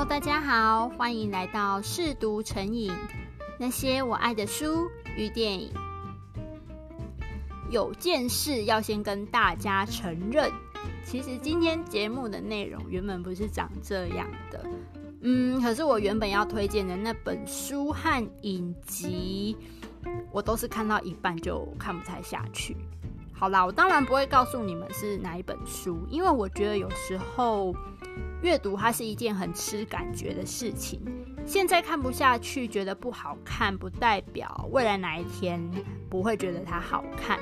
Hello, 大家好，歡迎來到試讀成癮。那些我愛的書與電影，有件事要先跟大家承認，其實今天節目的內容原本不是長這樣的。嗯，可是我原本要推薦的那本書和影集，我都是看到一半就看不太下去。好啦，我當然不會告訴你們是哪一本書，因為我覺得有時候閱讀它是一件很吃感覺的事情。現在看不下去，覺得不好看，不代表未來哪一天不會覺得它好看。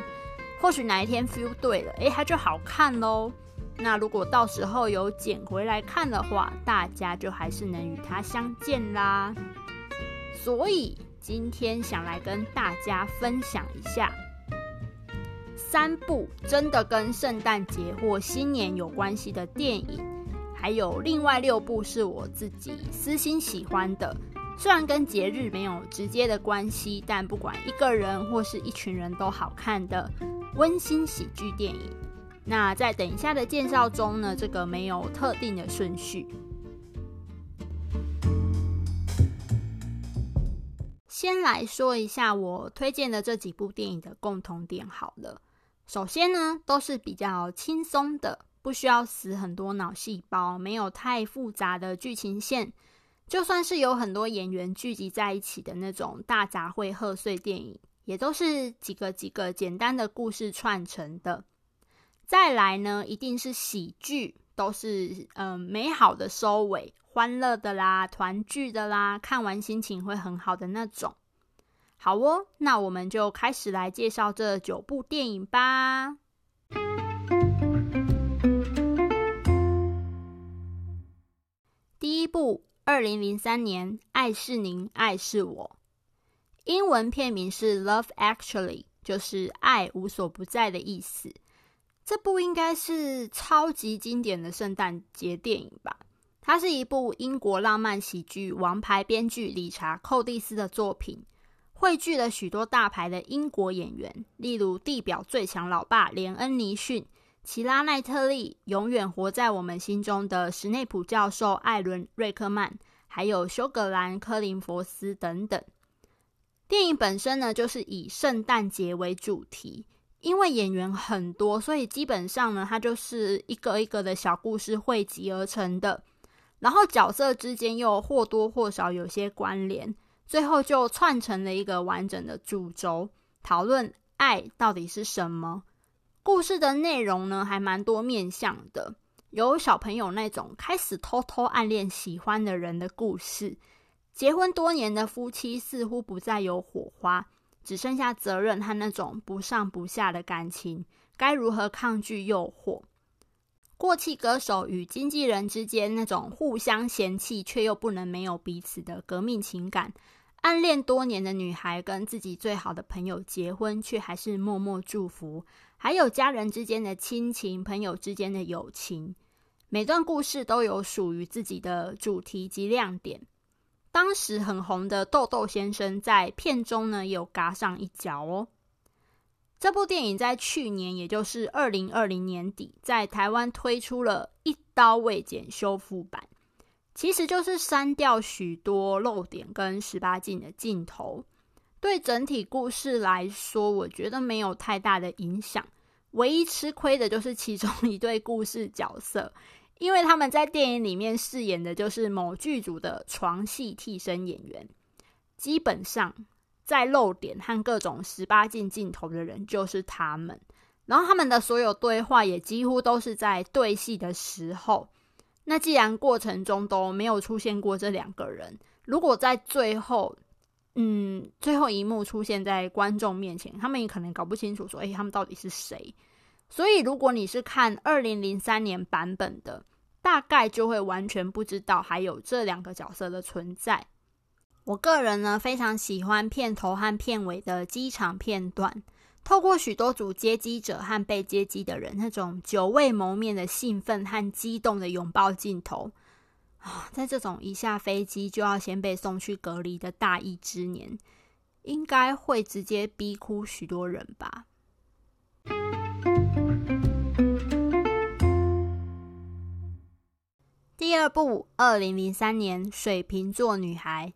或許哪一天 feel 對了，欸，它就好看嘍。那如果到時候有撿回來看的話，大家就還是能與它相見啦。所以今天想來跟大家分享一下。三部真的跟聖誕節或新年有關係的電影，還有另外六部是我自己私心喜歡的，雖然跟節日沒有直接的關係，但不管一個人或是一群人都好看的溫馨喜劇電影。那在等一下的介紹中呢，這個沒有特定的順序。先來說一下我推薦的這幾部電影的共同點好了。首先呢，都是比較輕鬆的，不需要死很多腦細胞，沒有太複雜的劇情線。就算是有很多演員聚集在一起的那種大雜燴賀歲電影，也都是幾個幾個簡單的故事串成的。再來呢，一定是喜劇，都是嗯、呃、美好的收尾，歡樂的啦，團聚的啦，看完心情會很好的那種。好哦，那我們就開始來介紹這九部電影吧。第一部，二零零三年，《愛是您，愛是我》，英文片名是《Love Actually》，就是“愛無所不在”的意思。這部應該是超級經典的聖誕節電影吧？它是一部英國浪漫喜劇，王牌編劇理查·寇蒂斯的作品。匯聚了許多大牌的英國演員，例如《地表最強老爸》連恩尼遜、奇拉奈特利、永遠活在我們心中的史內普教授艾倫瑞克曼，還有休格蘭科林佛斯等等。電影本身呢，就是以聖誕節為主題，因為演員很多，所以基本上呢，它就是一個一個的小故事匯集而成的，然後角色之間又或多或少有些關聯。最後就串成了一個完整的主軸，討論愛到底是什麼。故事的內容呢，還蠻多面向的，有小朋友那種開始偷偷暗戀喜歡的人的故事，結婚多年的夫妻似乎不再有火花，只剩下責任和那種不上不下的感情，該如何抗拒誘惑？過氣歌手與經紀人之間那種互相嫌棄卻又不能沒有彼此的革命情感。暗戀多年的女孩跟自己最好的朋友結婚，卻還是默默祝福。還有家人之間的親情，朋友之間的友情，每段故事都有屬於自己的主題及亮點。當時很紅的豆豆先生在片中呢，有嘎上一腳哦。這部電影在去年，也就是二零二零年底，在台灣推出了一刀未剪修復版。其實就是刪掉許多露點跟十八禁的鏡頭，對整體故事來說，我覺得沒有太大的影響。唯一吃虧的就是其中一對故事角色，因為他們在電影裡面飾演的就是某劇組的床戲替身演員。基本上，在露點和各種十八禁鏡頭的人就是他們，然後他們的所有對話也幾乎都是在對戲的時候。那既然過程中都沒有出現過這兩個人，如果在最後，嗯，最後一幕出現在觀眾面前，他們也可能搞不清楚說，哎、欸，他們到底是誰？所以，如果你是看二零零三年版本的，大概就會完全不知道還有這兩個角色的存在。我個人呢，非常喜歡片頭和片尾的機場片段。透過許多組接機者和被接機的人那種久未謀面的興奮和激動的擁抱鏡頭、哦、在這種一下飛機就要先被送去隔離的大疫之年，應該會直接逼哭許多人吧。第二部，二零零三年，水瓶座女孩，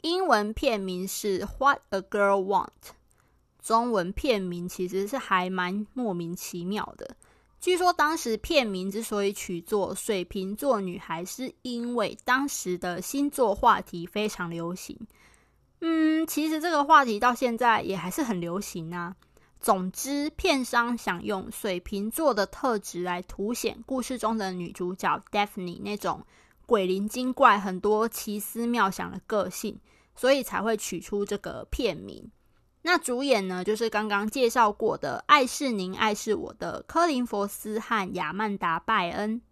英文片名是《What a Girl Wants》。中文片名其實是還蠻莫名其妙的。據說當時片名之所以取作《水瓶座女孩》，是因為當時的星座話題非常流行。嗯，其實這個話題到現在也還是很流行啊。總之，片商想用水瓶座的特質來凸顯故事中的女主角 Daphne 那種鬼靈精怪、很多奇思妙想的個性，所以才會取出這個片名。那主演呢，就是剛剛介紹過的《愛是您，愛是我的》科林·佛斯和亞曼達·拜恩。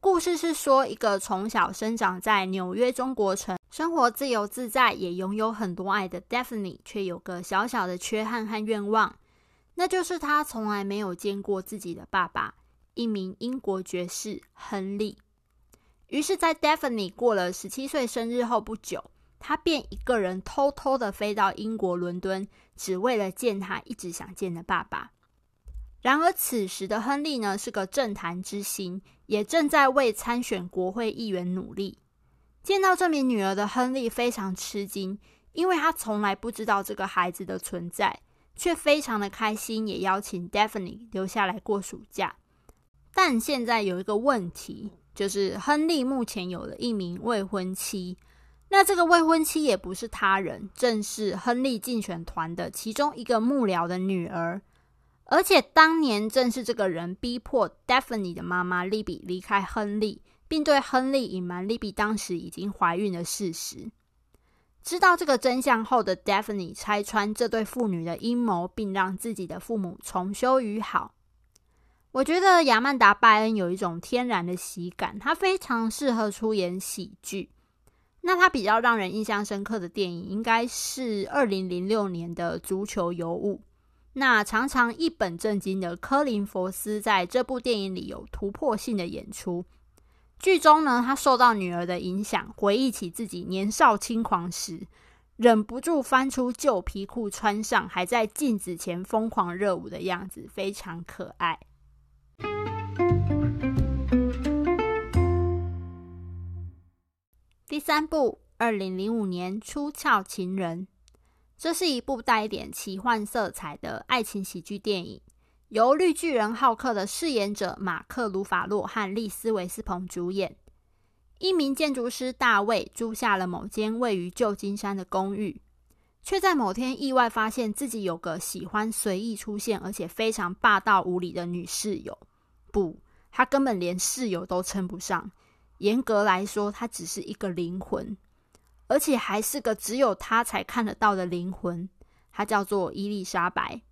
故事是說，一個從小生長在紐約中國城、生活自由自在、也擁有很多愛的 Daphne 卻有個小小的缺憾和願望，那就是他從來沒有見過自己的爸爸——一名英國爵士亨利。於是，在 Daphne 過了十七歲生日後不久，他便一個人偷偷地飛到英國倫敦，只為了見他一直想見的爸爸。然而此時的亨利呢，是個政壇之星，也正在為參選國會議員努力。見到這名女兒的亨利非常吃驚，因為他從來不知道這個孩子的存在，卻非常的開心，也邀請 Daphne 留下來過暑假。但現在有一個問題，就是亨利目前有了一名未婚妻。那這個未婚妻也不是他人，正是亨利競選團的其中一個幕僚的女兒，而且當年正是這個人逼迫 Daphne 的媽媽 Libby 離開亨利，並對亨利隱瞞 Libby 當時已經懷孕的事實。知道這個真相後的 Daphne 拆穿這對父女的陰謀，並讓自己的父母重修於好。我覺得亞曼達·拜恩有一種天然的喜感，她非常適合出演喜劇。那他比較讓人印象深刻的電影應該是二零零六年的《足球尤物》。那常常一本正經的科林·佛斯在這部電影裡有突破性的演出。劇中呢，他受到女兒的影響，回憶起自己年少輕狂時，忍不住翻出舊皮褲穿上，還在鏡子前瘋狂熱舞的樣子，非常可愛。第三部，二零零五年《出竅情人》。這是一部帶一點奇幻色彩的愛情喜劇電影，由綠巨人浩克的飾演者馬克·魯法洛和麗斯維斯彭主演。一名建築師大衛租下了某間位於舊金山的公寓，卻在某天意外發現自己有個喜歡隨意出現而且非常霸道無理的女室友。不，他根本連室友都稱不上。嚴格來說，他只是一個靈魂，而且還是個只有他才看得到的靈魂。他叫做伊麗莎白，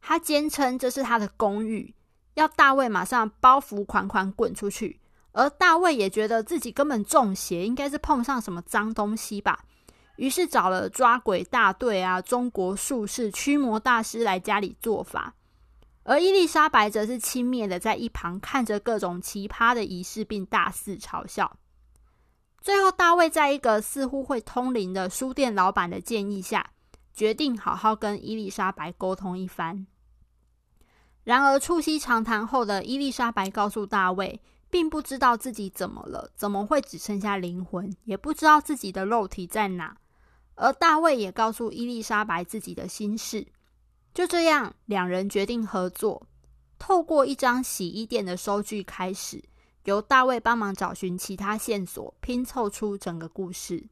他堅稱這是他的公寓，要大衛馬上包袱款款滾出去。而大衛也覺得自己根本中邪，應該是碰上什麼髒東西吧，於是找了抓鬼大隊啊、中國術士、驅魔大師來家裡做法。而伊麗莎白則是輕蔑的在一旁看着各種奇葩的儀式，並大肆嘲笑。最後，大衛在一個似乎會通靈的書店老闆的建議下，決定好好跟伊麗莎白溝通一番。然而，促膝長談後的伊麗莎白告訴大衛，並不知道自己怎麼了，怎麼會只剩下靈魂，也不知道自己的肉體在哪。而大衛也告訴伊麗莎白自己的心事。就這樣，兩人決定合作，透過一張洗衣店的收據開始，由大衛幫忙找尋其他線索，拼湊出整個故事。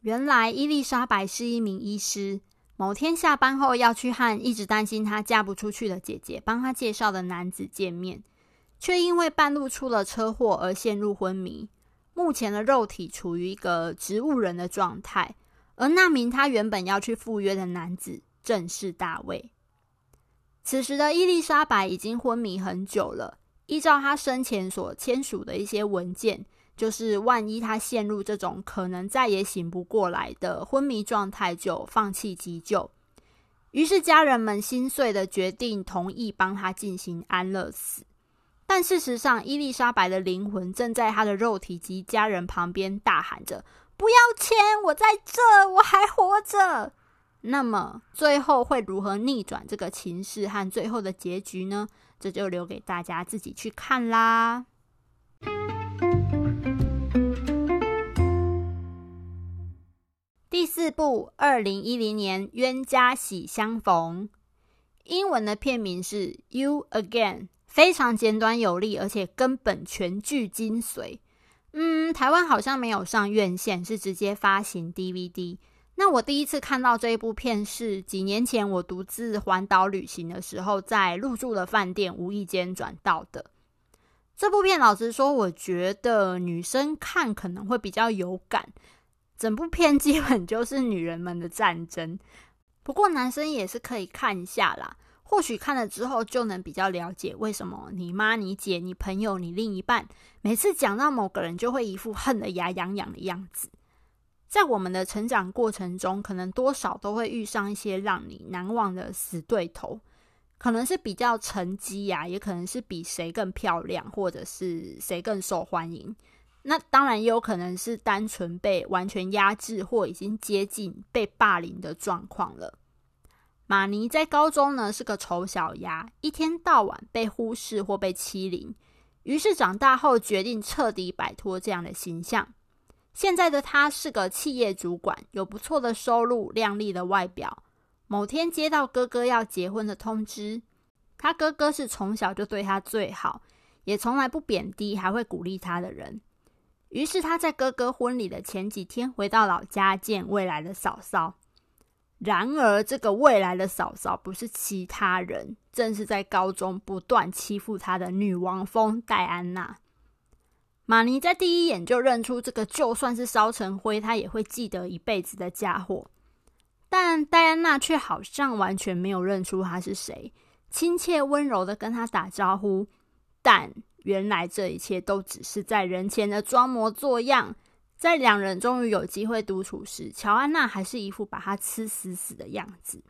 原來伊麗莎白是一名醫師，某天下班後要去和一直擔心她嫁不出去的姐姐，幫她介紹的男子見面，卻因為半路出了車禍而陷入昏迷，目前的肉體處於一個植物人的狀態，而那名她原本要去赴約的男子。正式大衛。此時的伊麗莎白已經昏迷很久了。依照她生前所簽署的一些文件，就是萬一她陷入這種可能再也醒不過來的昏迷狀態，就放棄急救。於是家人們心碎的決定，同意幫她進行安樂死。但事實上，伊麗莎白的靈魂正在她的肉體及家人旁邊大喊着：“不要簽！我在這，我還活着。”那麼最後會如何逆轉這個情勢和最後的結局呢？這就留給大家自己去看啦。第四部，二零一零年《冤家喜相逢》，英文的片名是《You Again》，非常簡短有力，而且根本全劇精髓。嗯，台灣好像沒有上院線，是直接發行 DVD。那我第一次看到這一部片是幾年前，我獨自環島旅行的時候，在入住的飯店無意間轉到的。這部片，老實說，我覺得女生看可能會比較有感。整部片基本就是女人們的戰爭，不過男生也是可以看一下啦。或許看了之後，就能比較了解為什麼你媽、你姐、你朋友、你另一半，每次講到某個人，就會一副恨得牙癢癢的樣子。在我們的成長過程中，可能多少都會遇上一些讓你難忘的死對頭，可能是比較成績呀、啊，也可能是比誰更漂亮，或者是誰更受歡迎。那當然也有可能是單純被完全壓制，或已經接近被霸凌的狀況了。瑪尼在高中呢是個醜小鴨，一天到晚被忽視或被欺凌，於是長大後決定徹底擺脫這樣的形象。現在的他是個企業主管，有不錯的收入，靚麗的外表。某天接到哥哥要結婚的通知，他哥哥是從小就對他最好，也從來不貶低，還會鼓勵他的人。於是他在哥哥婚禮的前幾天回到老家見未來的嫂嫂。然而，這個未來的嫂嫂不是其他人，正是在高中不斷欺負他的女王蜂戴安娜。瑪尼在第一眼就認出這個，就算是燒成灰，他也會記得一輩子的家伙。但戴安娜卻好像完全沒有認出他是誰，親切溫柔的跟他打招呼。但原來這一切都只是在人前的裝模作樣。在兩人終於有機會獨處時，喬安娜還是一副把他吃死死的樣子。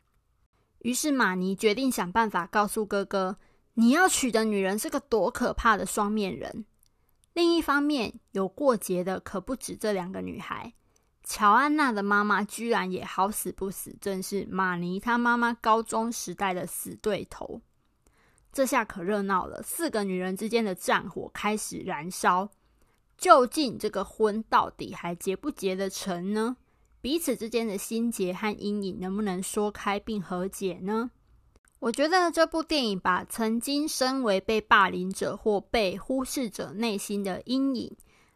於是瑪尼決定想辦法告訴哥哥，你要娶的女人是個多可怕的雙面人。另一方面，有過節的可不止這兩個女孩。喬安娜的媽媽居然也好死不死，正是瑪尼他媽媽高中時代的死對頭。這下可熱鬧了，四個女人之間的戰火開始燃燒。究竟這個婚到底還結不結得成呢？彼此之間的心結和陰影能不能說開並和解呢？我覺得這部電影把曾經身為被霸凌者或被忽視者內心的陰影，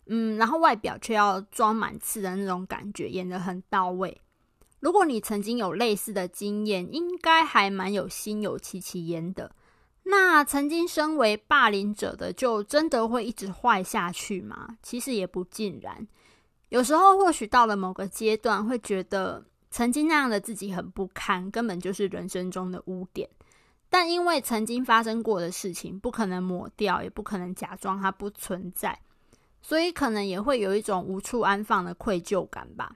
嗯，然後外表卻要裝滿刺的那種感覺演得很到位。如果你曾經有類似的經驗，應該還蠻有心有戚戚焉的。那曾經身為霸凌者的，就真的會一直壞下去嗎？其實也不盡然。有時候或許到了某個階段，會覺得，曾經那樣的自己很不堪，根本就是人生中的污點。但因為曾經發生過的事情，不可能抹掉，也不可能假裝它不存在，所以可能也會有一種無處安放的愧疚感吧。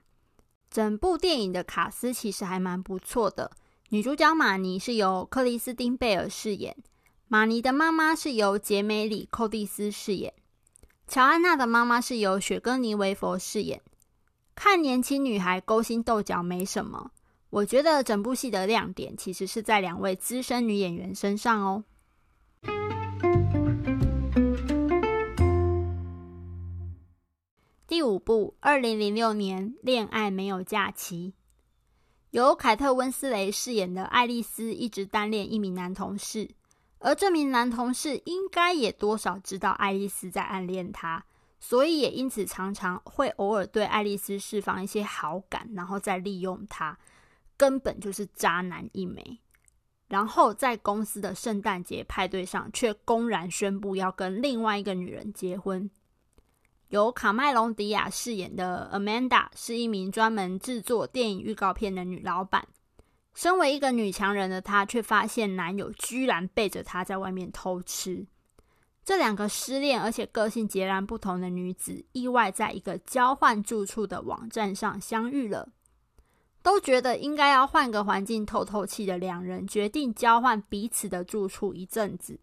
整部電影的卡司其實還蠻不錯的。女主角瑪尼是由克里斯汀貝爾飾演，瑪尼的媽媽是由潔米·李·寇蒂斯飾演，喬安娜的媽媽是由雪歌妮·薇佛飾演。看年輕女孩勾心鬥角沒什麼，我覺得整部戲的亮點其實是在兩位資深女演員身上哦。第五部，二零零六年，《戀愛沒有假期》，由凱特·溫斯雷飾演的愛麗絲一直單戀一名男同事，而這名男同事應該也多少知道愛麗絲在暗戀他。所以也因此常常會偶爾對愛麗絲釋放一些好感，然後再利用她，根本就是渣男一枚。然後在公司的聖誕節派對上，卻公然宣布要跟另外一個女人結婚。由卡麥隆迪亞飾演的 Amanda 是一名專門製作電影預告片的女老闆。身為一個女強人的她，卻發現男友居然背着她在外面偷吃。這兩個失戀而且個性截然不同的女子，意外在一個交換住處的網站上相遇了。都覺得應該要換個環境透透氣的兩人，決定交換彼此的住處一陣子。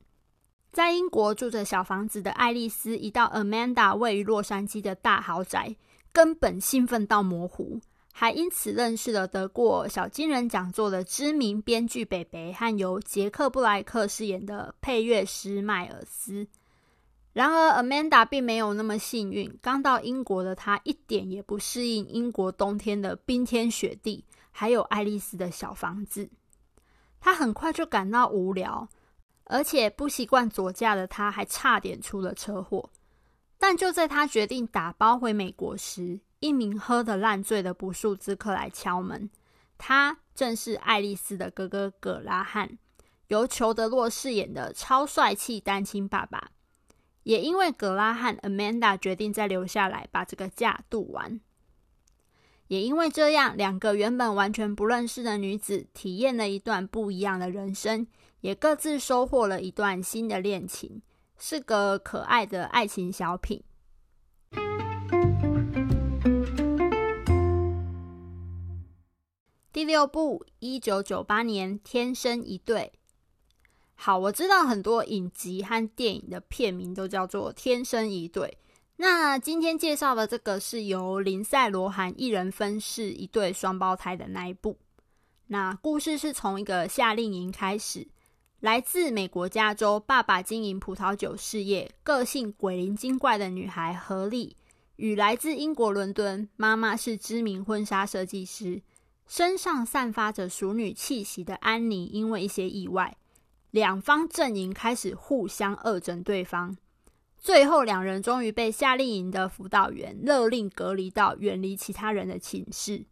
在英國住着小房子的愛麗絲，一到 Amanda 位於洛杉磯的大豪宅，根本興奮到模糊。還因此認識了得過小金人講座的知名編劇北北，和由傑克布萊克飾演的配樂師邁爾斯。然而，Amanda 並沒有那麼幸運。剛到英國的她一點也不適應英國冬天的冰天雪地，還有愛麗絲的小房子。她很快就感到無聊，而且不習慣左駕的她還差點出了車禍。但就在她決定打包回美國時，一名喝得爛醉的不速之客來敲門，他正是愛麗絲的哥哥葛拉漢，由裘德洛飾演的超帥氣單親爸爸。也因為葛拉漢，Amanda 決定再留下來把這個假度完。也因為這樣，兩個原本完全不認識的女子體驗了一段不一樣的人生，也各自收穫了一段新的戀情，是個可愛的愛情小品。第六部，一九九八年，《天生一對》。好，我知道很多影集和電影的片名都叫做《天生一對》。那今天介紹的這個是由林賽·羅韓一人分飾一對雙胞胎的那一部。那故事是從一個夏令營開始。來自美國加州，爸爸經營葡萄酒事業，個性鬼靈精怪的女孩何麗，與來自英國倫敦，媽媽是知名婚紗設計師身上散發着淑女氣息的安妮，因為一些意外，兩方陣營開始互相惡整對方。最後，兩人終於被夏令營的輔導員勒令隔離到遠離其他人的寢室。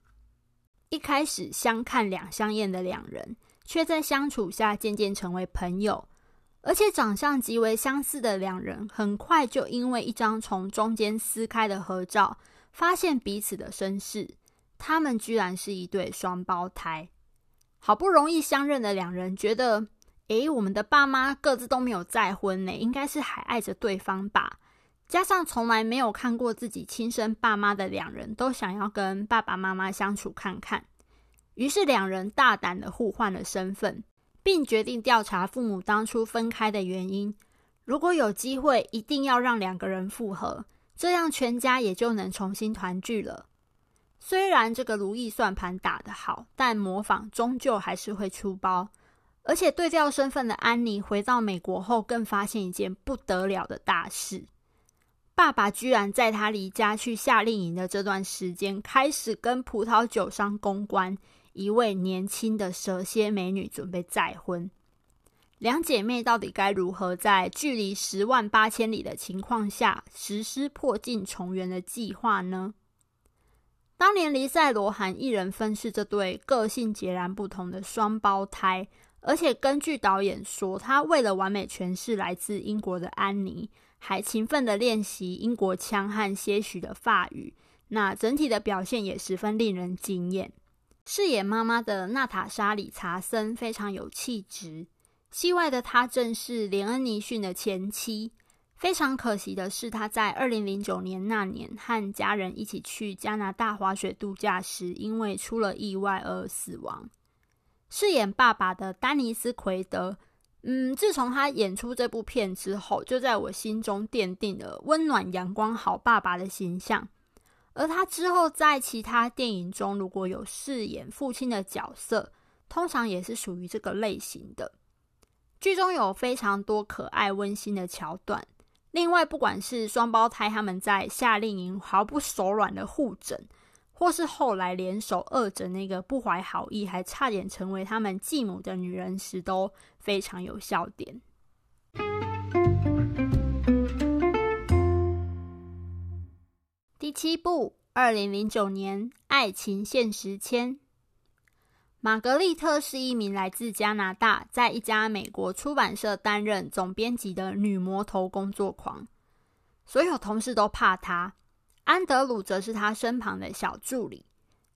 一開始相看兩相厭的兩人，卻在相處下漸漸成為朋友。而且，長相極為相似的兩人，很快就因為一張從中間撕開的合照，發現彼此的身世。他們居然是一對雙胞胎，好不容易相認的兩人覺得，誒，我們的爸媽各自都沒有再婚呢，應該是還愛着對方吧。加上從來沒有看過自己親生爸媽的兩人，都想要跟爸爸媽媽相處看看。於是兩人大膽的互換了身份，並決定調查父母當初分開的原因。如果有機會，一定要讓兩個人復合，這樣全家也就能重新團聚了。雖然這個如意算盤打得好，但模仿終究還是會出包。而且對調身份的安妮回到美國後，更發現一件不得了的大事：爸爸居然在她離家去夏令營的這段時間，開始跟葡萄酒商公關一位年輕的蛇蠍美女，準備再婚。兩姐妹到底該如何在距離十萬八千里的情況下，實施破鏡重圓的計劃呢？當年，林賽蘿涵一人分飾這對個性截然不同的雙胞胎，而且根據導演說，他為了完美詮釋來自英國的安妮，還勤奮地練習英國腔和些許的法語。那整體的表現也十分令人驚艷。飾演媽媽的娜塔莎·理查森非常有氣質，戲外的她正是連恩·尼遜的前妻。非常可惜的是，他在二零零九年那年和家人一起去加拿大滑雪度假時，因為出了意外而死亡。飾演爸爸的丹尼斯·奎德，嗯，自從他演出這部片之後，就在我心中奠定了溫暖陽光好爸爸的形象。而他之後在其他電影中如果有飾演父親的角色，通常也是屬於這個類型的。劇中有非常多可愛溫馨的橋段。另外，不管是雙胞胎他們在夏令營毫不手軟的互整，或是後來聯手惡整那個不懷好意還差點成為他們繼母的女人時，都非常有笑點。第七部，二零零九年《愛情限時簽》。瑪格麗特是一名來自加拿大，在一家美國出版社擔任總編輯的女魔頭工作狂，所有同事都怕他，安德魯則是他身旁的小助理。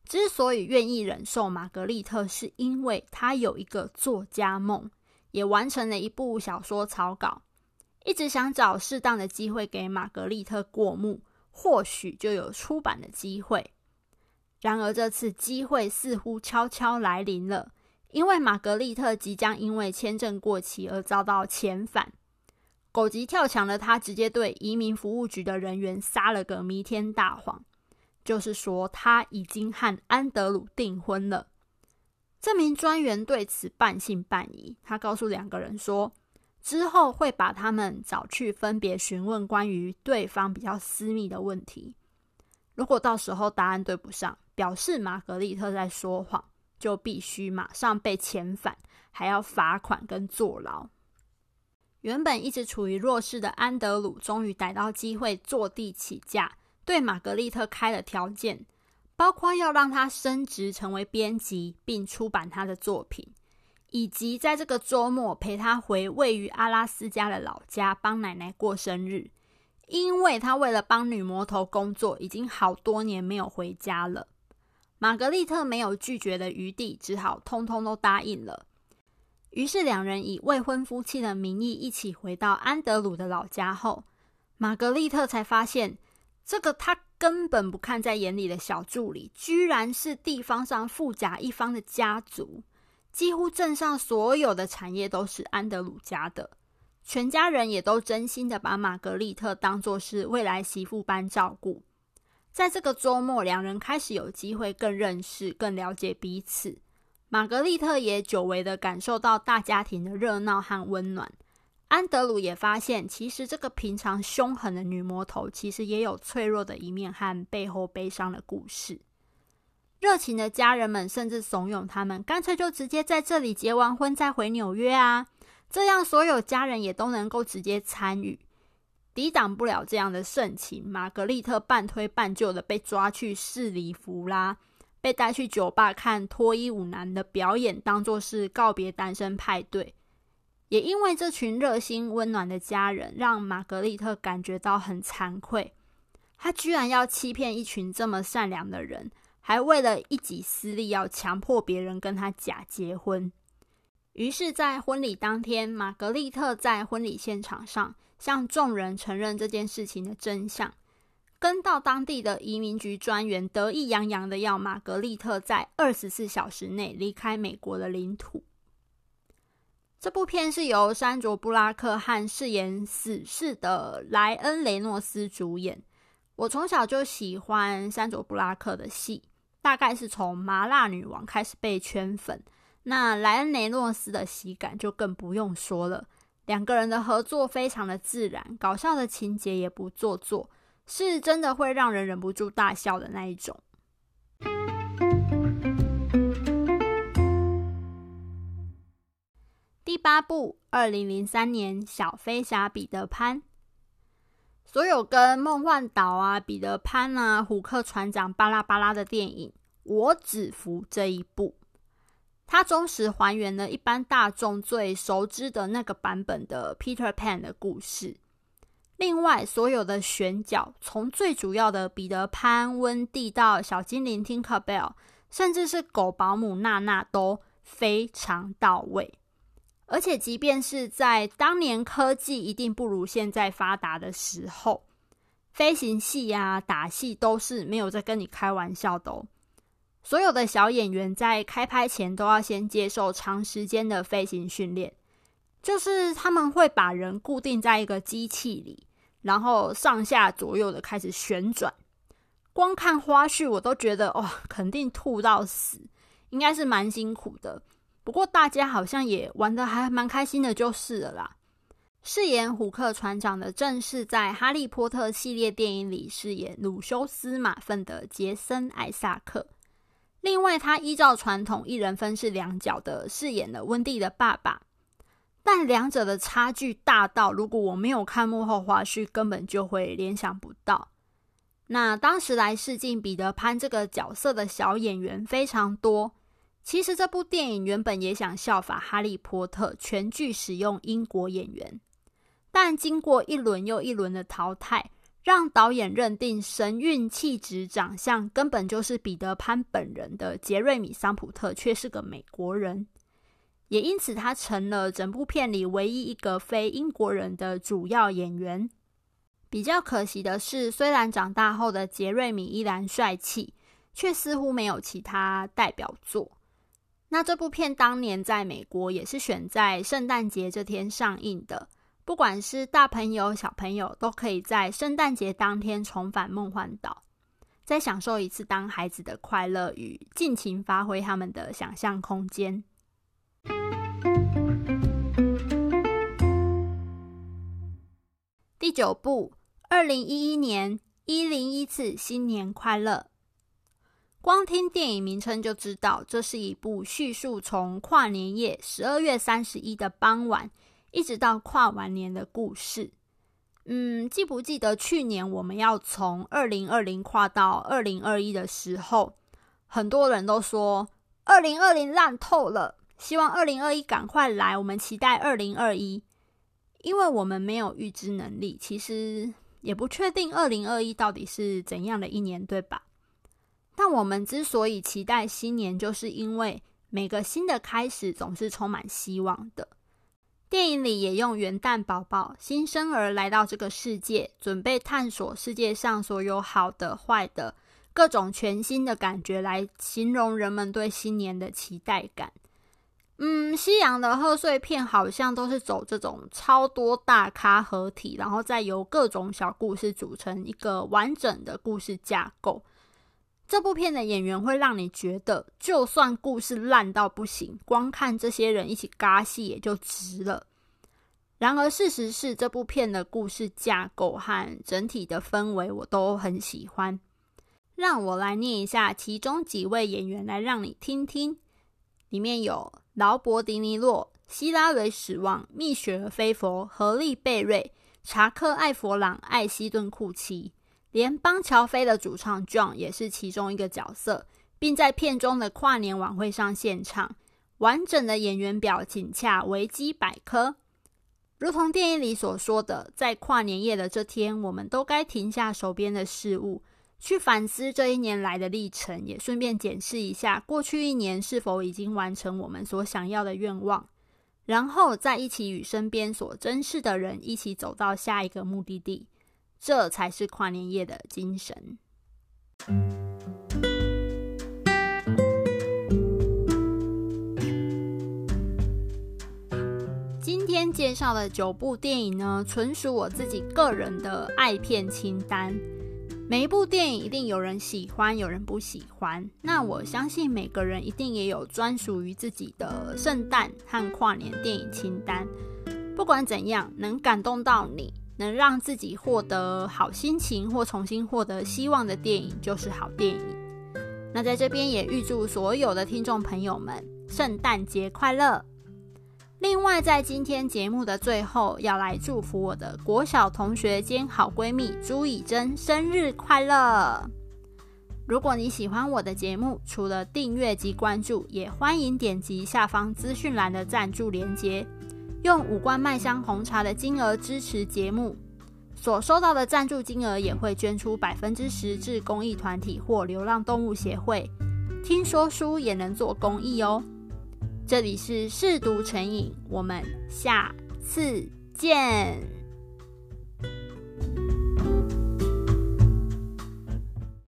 之所以願意忍受瑪格麗特，是因為他有一個作家夢，也完成了一部小說草稿，一直想找適當的機會給瑪格麗特過目，或許就有出版的機會。然而，這次機會似乎悄悄來臨了，因為瑪格麗特即將因為簽證過期而遭到遣返。狗急跳牆的他，直接對移民服務局的人員撒了個彌天大謊，就是說他已經和安德魯訂婚了。這名專員對此半信半疑，他告訴兩個人說，之後會把他們找去分別詢問關於對方比較私密的問題。如果到時候答案對不上，表示瑪格麗特在說謊，就必須馬上被遣返，還要罰款跟坐牢。原本一直處於弱勢的安德魯，終於逮到機會坐地起價，對瑪格麗特開了條件，包括要讓他升職成為編輯，並出版他的作品，以及在這個周末陪他回位於阿拉斯加的老家，幫奶奶過生日。因為他為了幫女魔頭工作，已經好多年沒有回家了。瑪格麗特沒有拒絕的餘地，只好通通都答應了。於是兩人以未婚夫妻的名義一起回到安德魯的老家後，瑪格麗特才發現，這個他根本不看在眼裡的小助理，居然是地方上富甲一方的家族，幾乎鎮上所有的產業都是安德魯家的。全家人也都真心的把瑪格麗特當作是未來媳婦般照顧。在這個週末，兩人開始有機會更認識、更了解彼此。瑪格麗特也久違的感受到大家庭的熱鬧和溫暖。安德魯也發現，其實這個平常兇狠的女魔頭，其實也有脆弱的一面和背後悲傷的故事。熱情的家人們甚至慫恿他們，乾脆就直接在這裡結完婚再回紐約啊！這樣，所有家人也都能夠直接參與。抵擋不了這樣的盛情，瑪格麗特半推半就的被抓去試禮服啦，被帶去酒吧看脫衣舞男的表演，當作是告別單身派對。也因為這群熱心溫暖的家人，讓瑪格麗特感覺到很慚愧。他居然要欺騙一群這麼善良的人，還為了一己私利，要強迫別人跟他假結婚。於是，在婚禮當天，瑪格麗特在婚禮現場上向眾人承認這件事情的真相，跟到當地的移民局專員得意洋洋地要瑪格麗特在二十四小時內離開美國的領土。這部片是由山卓·布拉克和飾演死侍的萊恩·雷諾斯主演。我從小就喜歡山卓·布拉克的戲，大概是從《麻辣女王》開始被圈粉。那萊恩·雷諾斯的喜感就更不用說了，兩個人的合作非常的自然，搞笑的情節也不做作，是真的會讓人忍不住大笑的那一種。第八部，二零零三年《小飛俠彼得潘》，所有跟夢幻島啊、彼得潘啊、虎克船長巴拉巴拉的電影，我只服這一部。它忠實還原了一般大眾最熟知的那個版本的《Peter Pan》的故事。另外，所有的選角，從最主要的彼得潘、溫蒂到小精靈 Tinker Bell，甚至是狗保姆娜娜，都非常到位。而且，即便是在當年科技一定不如現在發達的時候，飛行戲啊、打戲都是沒有在跟你開玩笑的哦。所有的小演員在開拍前都要先接受長時間的飛行訓練，就是他們會把人固定在一個機器裡，然後上下左右的開始旋轉。光看花絮我都覺得哇、哦，肯定吐到死，應該是蠻辛苦的。不過大家好像也玩得還蠻開心的，就是了啦。飾演虎克船長的正是在《哈利波特》系列電影裡飾演魯修斯·馬份的傑森·艾薩克。另外，他依照傳統一人分飾兩角的飾演了溫蒂的爸爸，但兩者的差距大到，如果我沒有看幕後花絮，根本就會聯想不到。那當時來試鏡彼得潘這個角色的小演員非常多，其實這部電影原本也想效法《哈利波特》，全劇使用英國演員，但經過一輪又一輪的淘汰。讓導演認定神韻氣質長相根本就是彼得潘本人的傑瑞米·桑普特卻是個美國人，也因此他成了整部片裡唯一一個非英國人的主要演員。比較可惜的是，雖然長大後的傑瑞米依然帥氣，卻似乎沒有其他代表作。那這部片當年在美國也是選在聖誕節這天上映的。不管是大朋友小朋友，都可以在聖誕節當天重返夢幻島，再享受一次當孩子的快樂，與盡情發揮他們的想象空間。第九部，二零一一年一零一次新年快樂。光聽電影名稱就知道，這是一部敘述從跨年夜十二月三十一的傍晚。一直到跨完年的故事，嗯，記不記得去年我們要從二零二零跨到二零二一的時候，很多人都說二零二零爛透了，希望二零二一趕快來，我們期待二零二一。因為我們沒有預知能力，其實也不確定二零二一到底是怎樣的一年，對吧？但我們之所以期待新年，就是因為每個新的開始總是充滿希望的。電影裡也用元旦寶寶新生兒來到這個世界，準備探索世界上所有好的、壞的各種全新的感覺，來形容人們對新年的期待感。嗯，西洋的賀歲片好像都是走這種超多大咖合體，然後再由各種小故事組成一個完整的故事架構。這部片的演員會讓你覺得，就算故事爛到不行，光看這些人一起尬戲也就值了。然而，事實是，這部片的故事架構和整體的氛圍我都很喜歡。讓我來念一下其中幾位演員，來讓你聽聽。裡面有勞勃·迪尼洛、希拉蕊·史旺、蜜雪兒·菲佛、荷莉·貝瑞、查克·艾佛朗、艾希頓·庫奇。連邦喬飛的主唱 John 也是其中一個角色，並在片中的跨年晚會上獻唱。完整的演員表，請洽維基百科。如同電影裡所說的，在跨年夜的這天，我們都該停下手邊的事物，去反思這一年來的歷程，也順便檢視一下過去一年是否已經完成我們所想要的願望，然後再一起與身邊所珍視的人一起走到下一個目的地。這才是跨年夜的精神。今天介紹的九部電影呢，純屬我自己個人的愛片清單。每一部電影一定有人喜歡，有人不喜歡。那我相信每個人一定也有專屬於自己的聖誕和跨年電影清單。不管怎樣，能感動到你。能讓自己獲得好心情或重新獲得希望的電影就是好電影。那在這邊也預祝所有的聽眾朋友們聖誕節快樂。另外，在今天節目的最後，要來祝福我的國小同學兼好閨蜜朱以貞生日快樂。如果你喜歡我的節目，除了訂閱及關注，也歡迎點擊下方資訊欄的贊助連結。用五罐麥香紅茶的金額支持節目，所收到的贊助金額也會捐出百分之十至公益團體或流浪動物協會。聽說書也能做公益哦！這裡是嗜讀成癮，我們下次見。